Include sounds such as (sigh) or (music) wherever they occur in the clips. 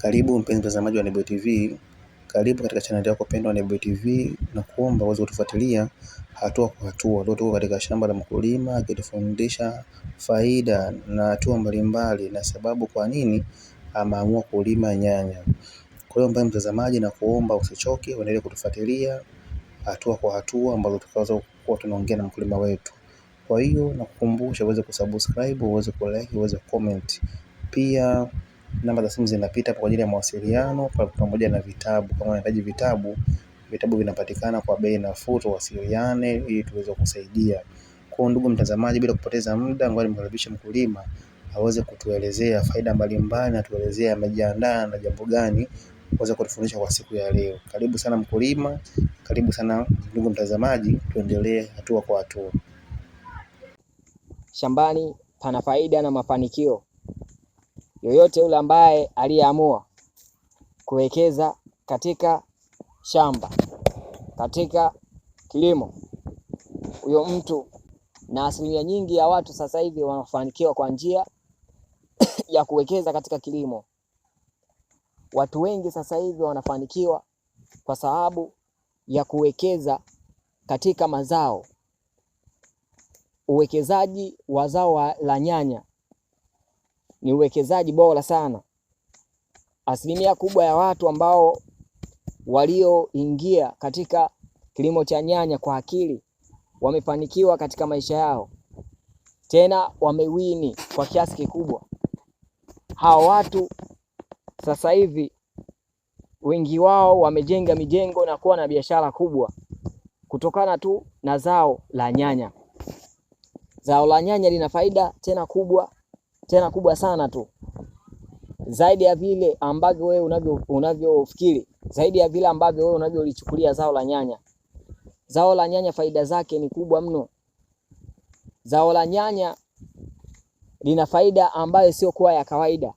Karibu mpenzi mtazamaji wa Nebuye TV, karibu katika chaneli yako pendwa Nebuye TV na kuomba uweze kutufuatilia hatua kwa hatua. Leo tuko katika shamba la mkulima akitufundisha faida na hatua mbalimbali na sababu kwa nini ameamua kulima nyanya. Kwa hiyo mpenzi mtazamaji, na kuomba usichoke, uendelee kutufuatilia hatua kwa hatua ambazo tutaweza kuwa tunaongea na mkulima wetu. Kwa hiyo nakukumbusha uweze kusubscribe, uweze kulike, uweze comment pia namba za simu zinapita kwa ajili ya mawasiliano pamoja na vitabu. Kama unahitaji vitabu, vitabu vinapatikana kwa bei nafuu, tuwasiliane ili tuweze kusaidia. Kwa ndugu mtazamaji, bila kupoteza muda, ngoja nimkaribishe mkulima aweze kutuelezea faida mbalimbali na tuelezee amejiandaa na jambo gani kuweza kutufundisha kwa siku ya leo. Karibu sana mkulima, karibu sana ndugu mtazamaji, tuendelee hatua kwa hatua. Shambani pana faida na mafanikio yoyote yule ambaye aliyeamua kuwekeza katika shamba, katika kilimo, huyo mtu na asilimia nyingi ya watu sasa hivi wanafanikiwa kwa njia (coughs) ya kuwekeza katika kilimo. Watu wengi sasa hivi wanafanikiwa kwa sababu ya kuwekeza katika mazao. Uwekezaji wa zao la nyanya ni uwekezaji bora sana. Asilimia kubwa ya watu ambao walioingia katika kilimo cha nyanya kwa akili wamefanikiwa katika maisha yao, tena wamewini kwa kiasi kikubwa. Hawa watu sasa hivi wengi wao wamejenga mijengo na kuwa na biashara kubwa kutokana tu na zao la nyanya. Zao la nyanya lina faida tena kubwa tena kubwa sana tu, zaidi ya vile ambavyo wewe unavyo unavyofikiri, zaidi ya vile ambavyo wewe unavyolichukulia zao la nyanya. Zao la nyanya faida zake ni kubwa mno. Zao la nyanya lina faida ambayo sio kuwa ya kawaida,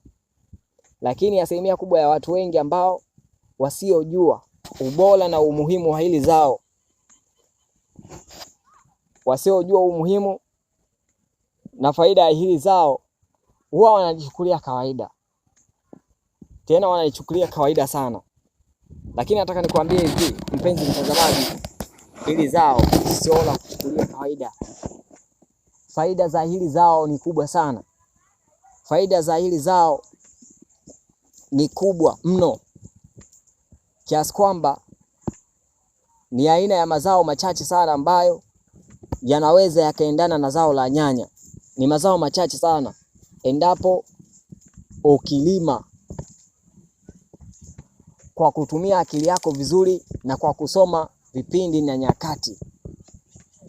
lakini asilimia kubwa ya watu wengi ambao wasiojua ubora na umuhimu wa hili zao, wasiojua umuhimu na faida ya hili zao huwa wanajichukulia kawaida, tena wanaichukulia kawaida sana. Lakini nataka nikwambie hivi, mpenzi mtazamaji, hili zao sio la kuchukulia kawaida. Faida za hili zao ni kubwa sana, faida za hili zao ni kubwa mno, kiasi kwamba ni aina ya mazao machache sana ambayo yanaweza yakaendana na zao la nyanya. Ni mazao machache sana endapo ukilima kwa kutumia akili yako vizuri na kwa kusoma vipindi na nyakati,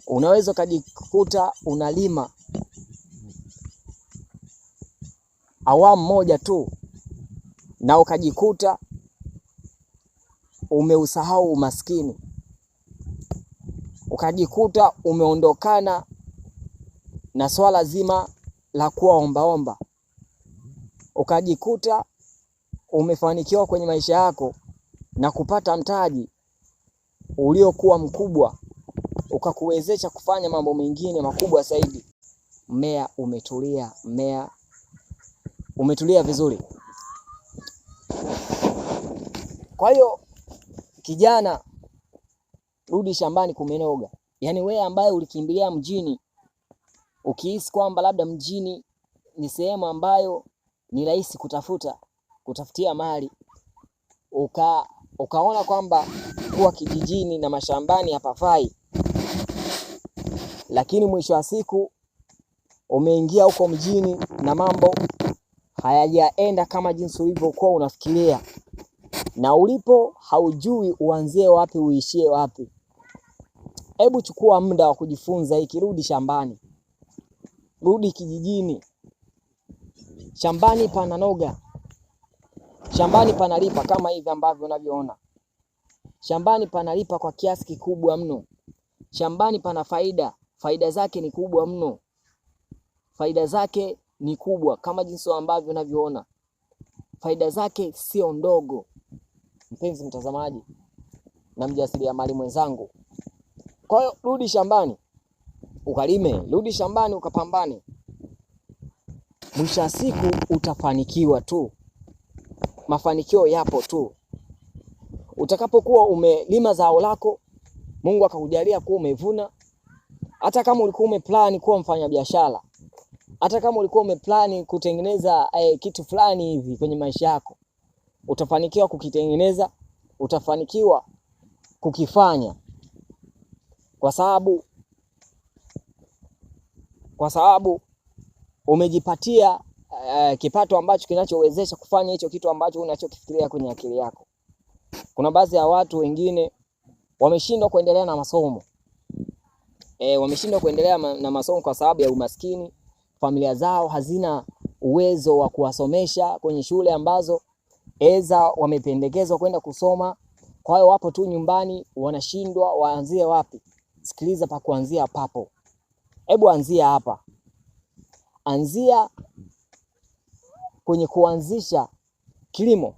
unaweza ukajikuta unalima awamu moja tu na ukajikuta umeusahau umaskini, ukajikuta umeondokana na swala zima la kuwa ombaomba, ukajikuta umefanikiwa kwenye maisha yako na kupata mtaji uliokuwa mkubwa ukakuwezesha kufanya mambo mengine makubwa zaidi. Mmea umetulia, mmea umetulia vizuri. Kwa hiyo kijana, rudi shambani kumenoga. Yaani wewe ambaye ulikimbilia mjini ukihisi kwamba labda mjini ni sehemu ambayo ni rahisi kutafuta kutafutia mali uka, ukaona kwamba kuwa kijijini na mashambani hapafai, lakini mwisho wa siku umeingia huko mjini na mambo hayajaenda kama jinsi ulivyokuwa unafikiria, na ulipo haujui uanzie wapi uishie wapi. Hebu chukua muda wa kujifunza, ikirudi shambani rudi kijijini. Shambani pana noga, shambani panalipa kama hivi ambavyo unavyoona. Shambani panalipa kwa kiasi kikubwa mno. Shambani pana faida, faida zake ni kubwa mno, faida zake ni kubwa kama jinsi ambavyo unavyoona, faida zake sio ndogo, mpenzi mtazamaji na mjasiriamali mwenzangu. Kwa hiyo rudi shambani, ukalime, rudi shambani ukapambane. Mwisho wa siku utafanikiwa tu, mafanikio yapo tu. Utakapokuwa umelima zao lako, Mungu akakujalia kuwa umevuna, hata kama ulikuwa umeplani kuwa mfanyabiashara, hata kama ulikuwa umeplani kutengeneza eh, kitu fulani hivi kwenye maisha yako, utafanikiwa kukitengeneza, utafanikiwa kukifanya, kwa sababu kwa sababu umejipatia uh, kipato ambacho kinachowezesha kufanya hicho kitu ambacho unachokifikiria kwenye akili yako. Kuna baadhi ya watu wengine wameshindwa kuendelea na masomo e, wameshindwa kuendelea ma, na masomo kwa sababu ya umaskini. Familia zao hazina uwezo wa kuwasomesha kwenye shule ambazo eza wamependekezwa kwenda kusoma. Kwa hiyo wapo tu nyumbani, wanashindwa waanzie wapi? Sikiliza, pa kuanzia papo. Hebu anzia hapa, anzia kwenye kuanzisha kilimo,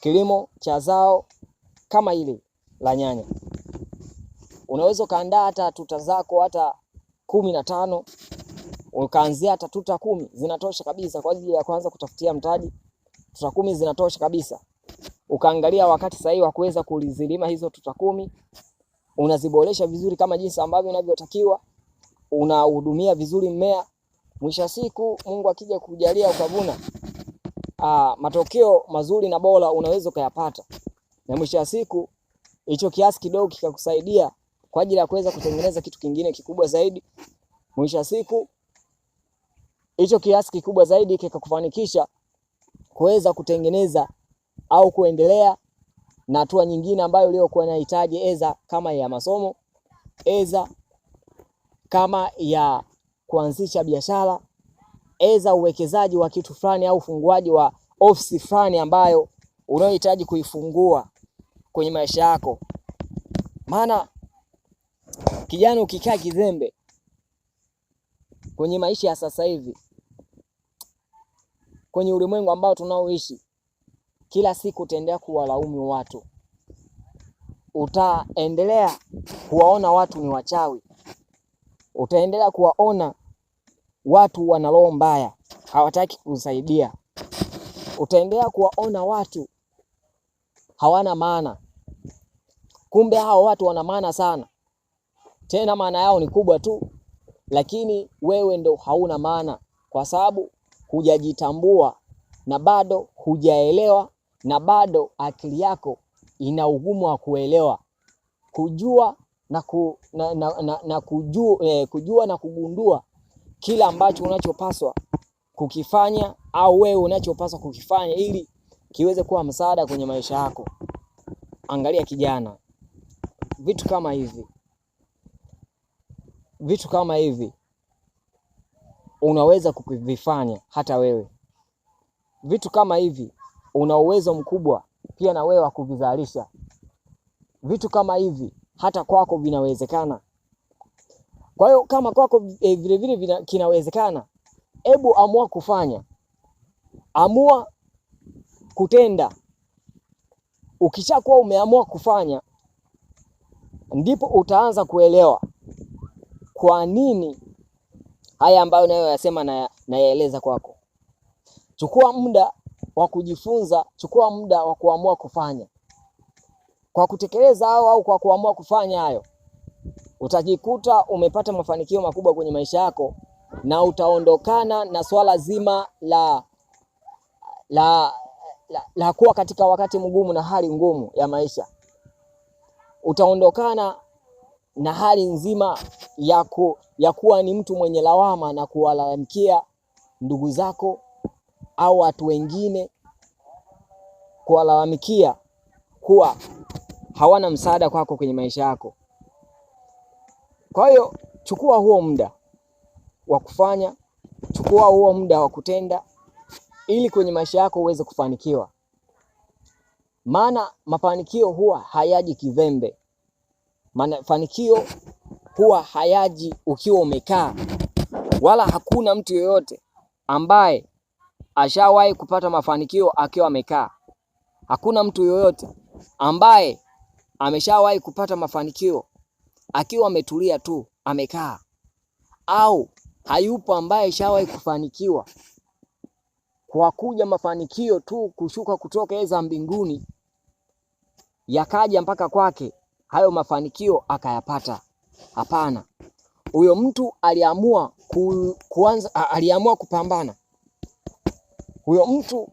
kilimo cha zao kama hili la nyanya. Unaweza ukaandaa hata tuta zako hata kumi na tano ukaanzia hata tuta kumi zinatosha kabisa kwa ajili ya kuanza kutafutia mtaji. Tuta kumi zinatosha kabisa, ukaangalia wakati sahihi wa kuweza kulizilima hizo tuta kumi, unaziboresha vizuri kama jinsi ambavyo inavyotakiwa unahudumia vizuri mmea, mwisho wa siku Mungu akija kujalia ukavuna aa, ah, matokeo mazuri na bora unaweza ukayapata, na mwisho wa siku hicho kiasi kidogo kikakusaidia kwa ajili ya kuweza kutengeneza kitu kingine kikubwa zaidi. Mwisho wa siku hicho kiasi kikubwa zaidi kikakufanikisha kuweza kutengeneza au kuendelea na hatua nyingine ambayo uliokuwa unahitaji, eza kama ya masomo, eza kama ya kuanzisha biashara, eza uwekezaji wa kitu fulani au ufunguaji wa ofisi fulani ambayo unayohitaji kuifungua kwenye maisha yako. Maana kijana ukikaa kizembe kwenye maisha ya sasa hivi, kwenye ulimwengu ambao tunaoishi, kila siku utaendelea kuwalaumu watu, utaendelea kuwaona watu ni wachawi utaendelea kuwaona watu wana roho mbaya, hawataki kusaidia. Utaendelea kuwaona watu hawana maana, kumbe hao watu wana maana sana, tena maana yao ni kubwa tu, lakini wewe ndo hauna maana, kwa sababu hujajitambua na bado hujaelewa, na bado akili yako ina ugumu wa kuelewa, kujua na, ku, na, na, na, na kujua, eh, kujua na kugundua kila ambacho unachopaswa kukifanya au wewe unachopaswa kukifanya ili kiweze kuwa msaada kwenye maisha yako. Angalia kijana, vitu kama hivi, vitu kama hivi unaweza kuvifanya hata wewe. Vitu kama hivi una uwezo mkubwa pia na wewe wa kuvizalisha. Vitu kama hivi hata kwako vinawezekana. Kwa hiyo kama kwako e, eh, vilevile vile kinawezekana, hebu amua kufanya, amua kutenda. Ukishakuwa umeamua kufanya, ndipo utaanza kuelewa kwa nini haya ambayo nayoyasema na nayaeleza kwako. Chukua muda wa kujifunza, chukua muda wa kuamua kufanya. Kwa kutekeleza hao au kwa kuamua kufanya hayo, utajikuta umepata mafanikio makubwa kwenye maisha yako na utaondokana na swala zima la, la, la, la kuwa katika wakati mgumu na hali ngumu ya maisha. Utaondokana na hali nzima ya, ku, ya kuwa ni mtu mwenye lawama na kuwalalamikia ndugu zako au watu wengine kuwalalamikia kuwa hawana msaada kwako kwenye maisha yako. Kwa hiyo chukua huo muda wa kufanya, chukua huo muda wa kutenda, ili kwenye maisha yako uweze kufanikiwa, maana mafanikio huwa hayaji kivembe. Mafanikio huwa hayaji ukiwa umekaa, wala hakuna mtu yoyote ambaye ashawahi kupata mafanikio akiwa amekaa. Hakuna mtu yoyote ambaye ameshawahi kupata mafanikio akiwa ametulia tu amekaa, au hayupo ambaye shawahi kufanikiwa kwa kuja mafanikio tu kushuka kutoka za mbinguni yakaja mpaka kwake hayo mafanikio akayapata? Hapana, huyo mtu aliamua ku, kuanza, aliamua kupambana. Huyo mtu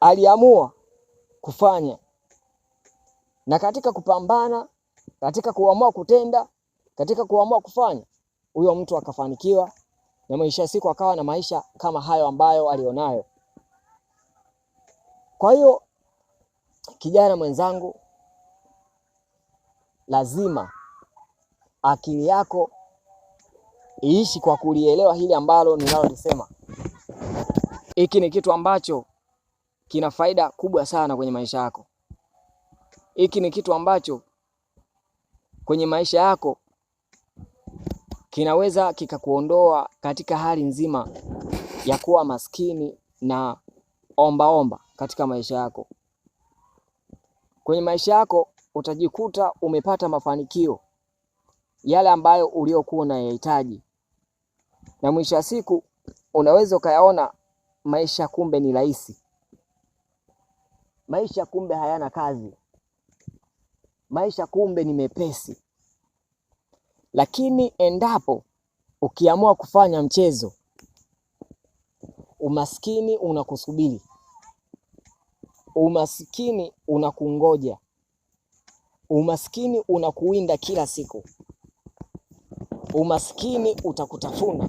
aliamua kufanya na katika kupambana, katika kuamua kutenda, katika kuamua kufanya, huyo mtu akafanikiwa na maisha siku akawa na maisha kama hayo ambayo alionayo. Kwa hiyo kijana mwenzangu, lazima akili yako iishi kwa kulielewa hili ambalo ninalolisema. Hiki ni kitu ambacho kina faida kubwa sana kwenye maisha yako. Hiki ni kitu ambacho kwenye maisha yako kinaweza kikakuondoa katika hali nzima ya kuwa maskini na omba omba katika maisha yako. Kwenye maisha yako utajikuta umepata mafanikio yale ambayo uliokuwa unayahitaji, na mwisho wa siku unaweza ukayaona maisha kumbe ni rahisi, maisha kumbe hayana kazi maisha kumbe ni mepesi. Lakini endapo ukiamua kufanya mchezo, umaskini unakusubiri, umaskini unakungoja, umaskini unakuwinda kila siku, umaskini utakutafuna.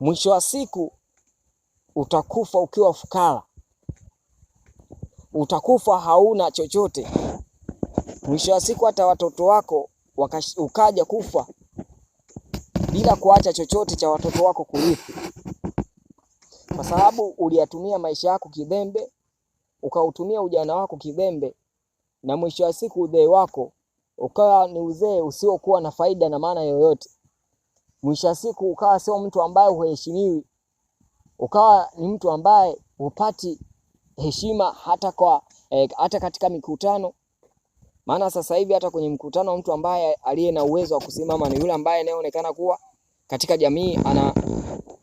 Mwisho wa siku utakufa ukiwa fukara, utakufa hauna chochote. Mwisho wa siku hata watoto wako ukaja kufa bila kuacha chochote cha watoto wako kurithi, kwa sababu uliyatumia maisha yako kidhembe, ukautumia ujana wako kidhembe, na mwisho wa siku uzee wako ukawa ni uzee usiokuwa na faida na maana yoyote. Mwisho wa siku ukawa sio mtu ambaye huheshimiwi, ukawa ni mtu ambaye hupati heshima hata kwa eh, hata katika mikutano maana sasa hivi hata kwenye mkutano mtu ambaye aliye na uwezo wa kusimama ni yule ambaye anayeonekana kuwa katika jamii ana,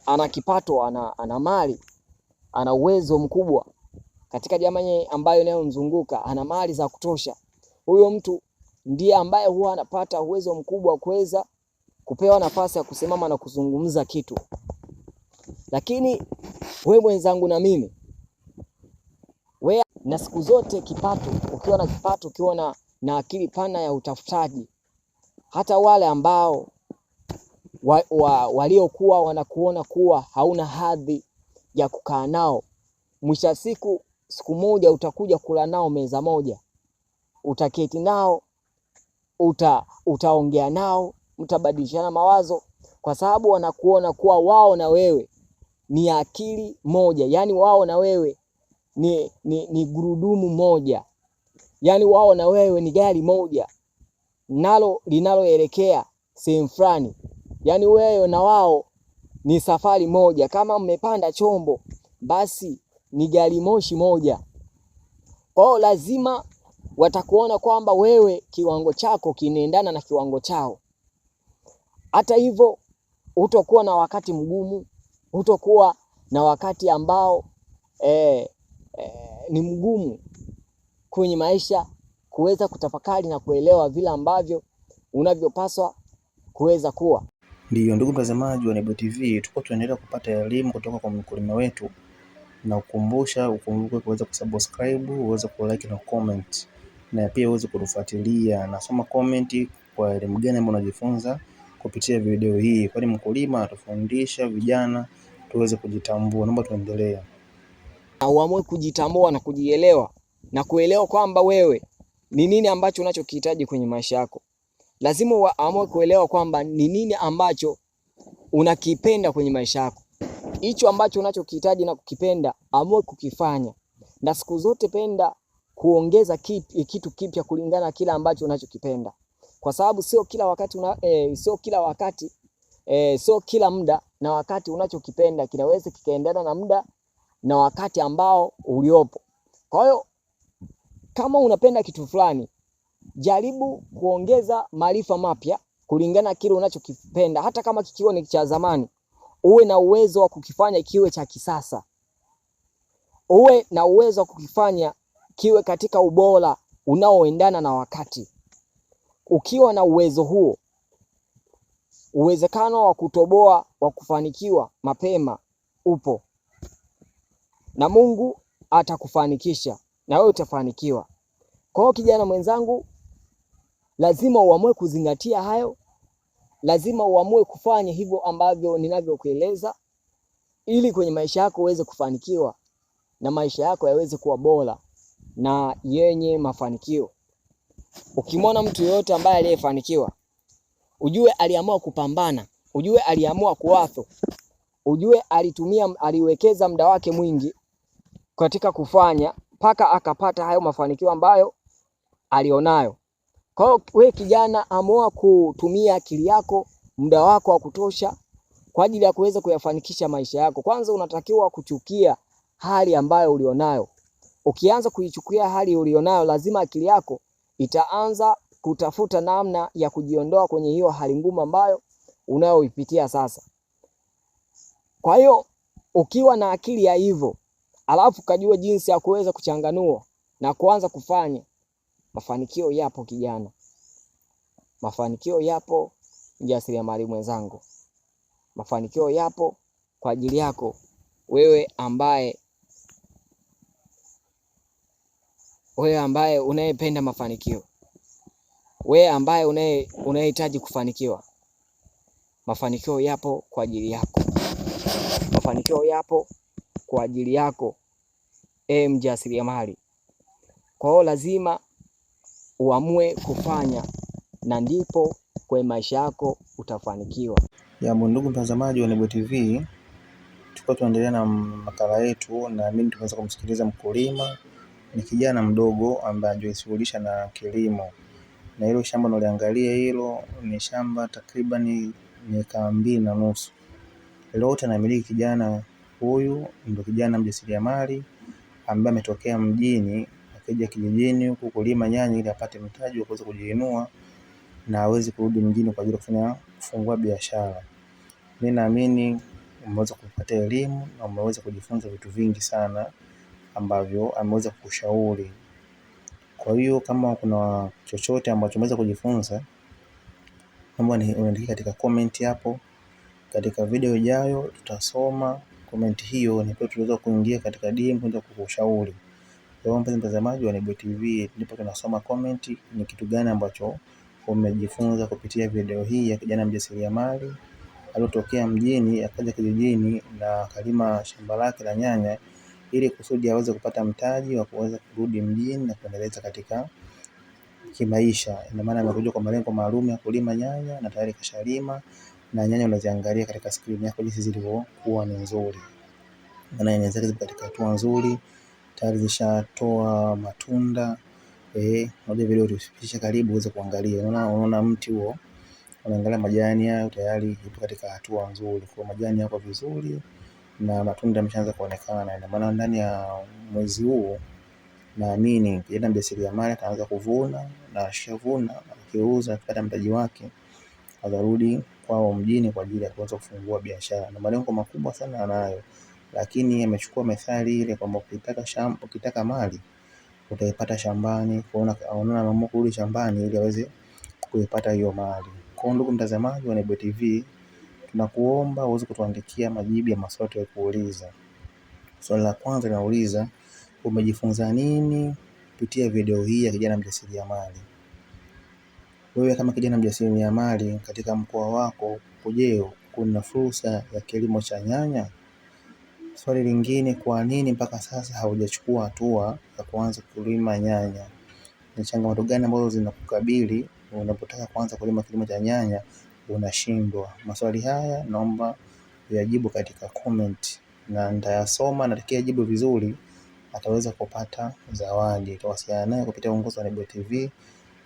ana kipato ana, ana mali ana uwezo mkubwa katika jamii ambayo inayomzunguka ana mali za kutosha. Huyo mtu ndiye ambaye huwa anapata uwezo mkubwa kuweza kupewa nafasi ya kusimama na kuzungumza kitu. Lakini we mwenzangu na mimi we, na siku zote kipato, ukiwa na kipato, ukiwa na na akili pana ya utafutaji. Hata wale ambao wa, wa, waliokuwa wanakuona kuwa hauna hadhi ya kukaa nao, mwisho wa siku, siku moja utakuja kula nao meza moja, utaketi nao uta, utaongea nao, mtabadilishana mawazo, kwa sababu wanakuona kuwa wao na wewe ni akili moja, yaani wao na wewe ni, ni, ni gurudumu moja yaani wao na wewe ni gari moja nalo linaloelekea sehemu fulani, yaani wewe na wao ni safari moja. Kama mmepanda chombo, basi ni gari moshi moja. Kwa hiyo lazima watakuona kwamba wewe kiwango chako kinaendana na kiwango chao. Hata hivyo, hutokuwa na wakati mgumu, hutokuwa na wakati ambao eh, eh, ni mgumu kwenye maisha, kuweza kutafakari na kuelewa vile ambavyo unavyopaswa kuweza kuwa. Ndiyo, ndugu mtazamaji wa Nebuye TV, tuko tunaendelea kupata elimu kutoka kwa mkulima wetu na ukumbusha, ukumbuke kuweza kusubscribe, uweze like na comment, na pia uweze kutufuatilia na soma comment kwa elimu gani ambayo unajifunza kupitia video hii, kwani mkulima atufundisha vijana tuweze kujitambua. Naomba tuendelee, na uamue kujitambua na kujielewa na kuelewa kwamba wewe ni nini ambacho unachokihitaji kwenye maisha yako. Lazima uamue kuelewa kwamba ni nini ambacho unakipenda kwenye maisha yako. Hicho ambacho unachokihitaji na kukipenda, amue kukifanya, na siku zote penda kuongeza kitu, eh, kitu kipya kulingana na kile ambacho unachokipenda, kwa sababu sio kila wakati una, e, sio kila wakati e, sio kila muda na wakati unachokipenda kinaweza kikaendana na muda na wakati ambao uliopo. Kwa hiyo kama unapenda kitu fulani, jaribu kuongeza maarifa mapya kulingana kile unachokipenda, hata kama kikiwa ni cha zamani, uwe na uwezo wa kukifanya kiwe cha kisasa, uwe na uwezo wa kukifanya kiwe katika ubora unaoendana na wakati. Ukiwa na uwezo huo, uwezekano wa kutoboa, wa kufanikiwa mapema upo, na Mungu atakufanikisha na wewe utafanikiwa. Kwa hiyo kijana mwenzangu, lazima uamue kuzingatia hayo, lazima uamue kufanya hivyo ambavyo ninavyokueleza, ili kwenye maisha yako uweze kufanikiwa na maisha yako yaweze kuwa bora na yenye mafanikio. Ukimwona mtu yoyote ambaye aliyefanikiwa, ujue aliamua kupambana, ujue aliamua kuwatho, ujue alitumia, aliwekeza muda wake mwingi katika kufanya mpaka akapata hayo mafanikio ambayo alionayo. Kwa hiyo kijana, amua kutumia akili yako, muda wako wa kutosha kwa ajili ya kuweza kuyafanikisha maisha yako. Kwanza unatakiwa kuchukia hali ambayo ulionayo. Ukianza kuichukia hali ulionayo, lazima akili yako itaanza kutafuta namna ya kujiondoa kwenye hiyo hali ngumu ambayo unayoipitia sasa. Kwa hiyo ukiwa na akili ya hivyo, alafu kajua jinsi ya kuweza kuchanganua na kuanza kufanya. Mafanikio yapo kijana, mafanikio yapo mjasiriamali mwenzangu, mafanikio yapo kwa ajili yako wewe ambaye wewe ambaye unayependa mafanikio, wewe ambaye unayehitaji kufanikiwa, mafanikio yapo kwa ajili yako, mafanikio yapo kwa ajili yako e mjasiriamali. Kwa hiyo lazima uamue kufanya na ndipo kwa maisha yako utafanikiwa. Jambo ndugu mtazamaji wa Nebuye TV, tuko tunaendelea na makala yetu, na mimi tumeanza kumsikiliza mkulima. Ni kijana mdogo ambaye anajishughulisha na kilimo, na hilo shamba unaliangalia hilo ni shamba takribani miaka mbili na nusu, lote anamiliki kijana huyu, ndio kijana mjasiriamali ambaye ametokea mjini akija kijijini huku kulima nyanya ili apate mtaji wa kuweza kujiinua na aweze kurudi mjini kwa ajili ya kufanya kufungua biashara. Mi naamini umeweza kupata elimu na umeweza kujifunza vitu vingi sana ambavyo ameweza kukushauri. Kwa hiyo kama kuna chochote ambacho umeweza kujifunza, naomba uniandikie katika komenti hapo. Katika video ijayo tutasoma comment hiyo, na pia tunaweza kuingia katika DM kuweza kukushauri. Kwa hiyo mpenzi mtazamaji wa Nebuye TV, ndipo tunasoma comment, ni kitu gani ambacho umejifunza kupitia video hii ya kijana mjasiriamali aliyotokea mjini akaja kijijini na akalima shamba lake la nyanya ili kusudi aweze kupata mtaji wa kuweza kurudi mjini na kuendeleza katika kimaisha. Ina maana amekuja kwa malengo maalum ya kulima nyanya na tayari kashalima na nyanya unaziangalia katika skrini yako jinsi zilivyokuwa ni nzuri, na nyanya zake zipo katika hatua nzuri tayari zishatoa matunda eh. Moja vile utafikisha karibu uweze kuangalia, unaona unaona mti huo, unaangalia majani hayo tayari ipo katika hatua nzuri, kwa majani yako vizuri na matunda yameshaanza kuonekana, na maana ndani ya mwezi huu naamini kijana mjasiriamali ataanza kuvuna na ashavuna akiuza akipata mtaji wake wakarudi kwao mjini kwa ajili ya kuweza kufungua biashara, na malengo makubwa sana anayo, lakini amechukua methali ile kwamba ukitaka mali utaipata shambani. Ameamua kurudi shambani ili aweze kuipata hiyo mali. Kwa ndugu mtazamaji wa Nebuye TV, tunakuomba uweze kutuandikia majibu ya maswali kuuliza Swali la kwanza linauliza umejifunza nini kupitia video hii ya kijana mjasiriamali? Wewe kama kijana mjasiriamali katika mkoa wako, je, kuna fursa ya kilimo cha nyanya? Swali lingine, kwa nini mpaka sasa haujachukua hatua ya kuanza kulima nyanya? Ni changamoto gani ambazo zinakukabili unapotaka kuanza kulima kilimo cha nyanya unashindwa? Maswali haya naomba uyajibu katika comment, na nitayasoma na jibu vizuri ataweza kupata zawadi. Tawasiliana naye kupitia uongozi wa Nebuye TV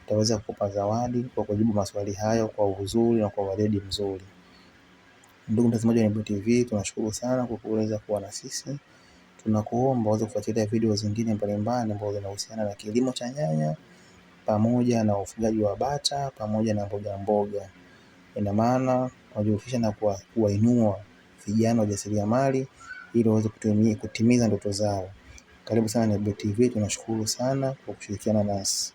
utaweza kukupa zawadi kwa kujibu maswali hayo kwa uzuri na kwa weledi mzuri. Ndugu mtazamaji wa Nebuye TV, tunashukuru sana kwa kuweza kuwa na sisi. Tunakuomba uweze kufuatilia video zingine mbalimbali ambazo zinahusiana na kilimo cha nyanya pamoja na ufugaji wa bata pamoja na mboga mboga. Ina maana unajihusisha na kuwainua vijana wajasiriamali ili waweze kutimiza ndoto zao. Karibu sana Nebuye TV, tunashukuru sana kwa kushirikiana nasi.